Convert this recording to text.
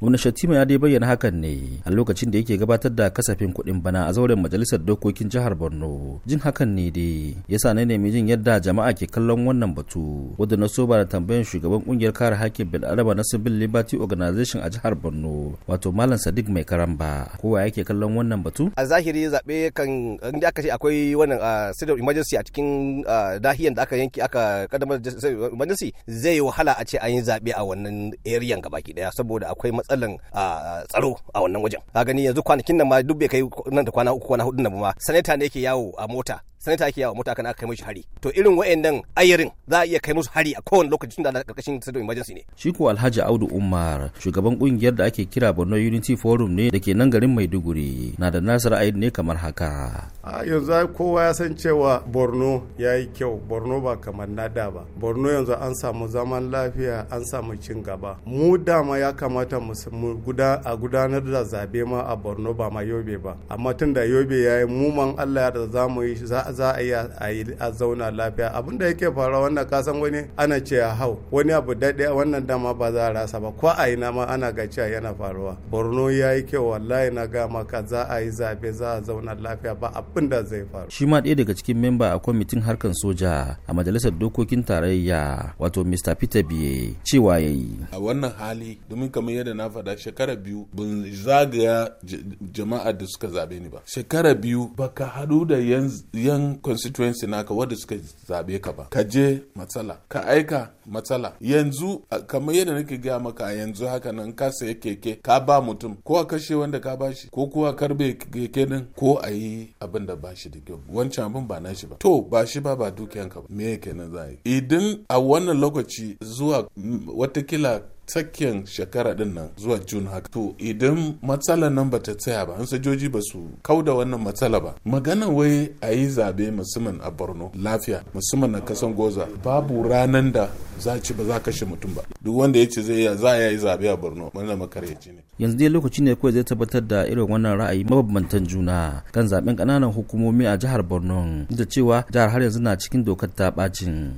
Gwamnan Shatima ya dai bayyana hakan ne a lokacin da yake gabatar da kasafin kuɗin bana a zauren majalisar dokokin jihar Borno. Jin hakan ne dai ya sa na nemi jin yadda jama'a ke kallon wannan batu wadda na soba da tambayan shugaban kungiyar kare hakkin bil'adama na Civil Liberty Organization a jihar Borno wato Malam Sadiq Mai Karamba. Kowa yake kallon wannan batu? A zahiri zaɓe kan inda aka ce akwai wannan ah, state of emergency a cikin dahiyan ah, da aka yanki aka kaddamar da emergency zai wahala a ce an yi zaɓe a wannan area gabaki ɗaya saboda akwai matsalan tsaro a wannan wajen A gani yanzu kwanakin nan ma duk bai kai nan da kwana uku kwana hudu nan ma sanata ne yake yawo a mota sanata ake yawa mota aka kai mishi hari to irin wayannan ayirin za a iya kai musu hari a kowane lokacin da karkashin state of emergency ne shi ko Alhaji Audu Umar shugaban kungiyar da ake kira Borno Unity Forum ne dake nan garin Maiduguri na da nasara ra'ayi ne kamar haka a yanzu kowa ya san cewa Borno yayi kyau Borno ba kamar nada ba Borno yanzu an samu zaman lafiya an samu cin gaba mu dama ya kamata mu a gudanar da zabe ma a Borno ba ma Yobe ba amma tun da Yobe yayi mu man Allah ya da za mu yi za a yi a zauna lafiya abin da yake faruwa wannan kasan wani ana ce hau wani abu daɗe wannan dama ba za a rasa ba ko a na ma ana ga cewa yana faruwa borno ya yi kyau wallahi na ga maka za a yi zaɓe za a zauna lafiya ba abin da zai faru. shi ma ɗaya daga cikin memba a kwamitin harkan soja a majalisar dokokin tarayya wato mr peter biye cewa ya yi. a wannan hali domin kamar yadda na faɗa shekara biyu ban zagaya jama'a da suka zaɓe ni ba shekara biyu baka haɗu da yan constituency naka wadda suka zabe ka ba ka je matsala ka aika matsala yanzu kamar yadda nake gaya maka yanzu haka nan ka saya keke ka ba mutum ko a kashe wanda ka bashi ko kuwa karbe keke din ko a yi abin da ba shi da kyau wancan abin ba na shi ba to ba shi ba ba dukiyanka ba me kenan za a yi idan a wannan lokaci zuwa mm, watakila tsakiyar shekara din nan zuwa jun haka to idan matsalar nan ba ta tsaya ba an sojoji ba su kau da wannan matsala ba magana wai a yi zabe musamman a borno lafiya musamman na kasan goza babu ranan da za ci ba za kashe mutum ba duk wanda ya ce zai za a yi zabe a borno wanda makaryaci ne yanzu dai lokaci ne kawai zai tabbatar da irin wannan ra'ayi mabambantan juna kan zaben kananan hukumomi a jihar borno da cewa jihar har yanzu na cikin dokar ta bacin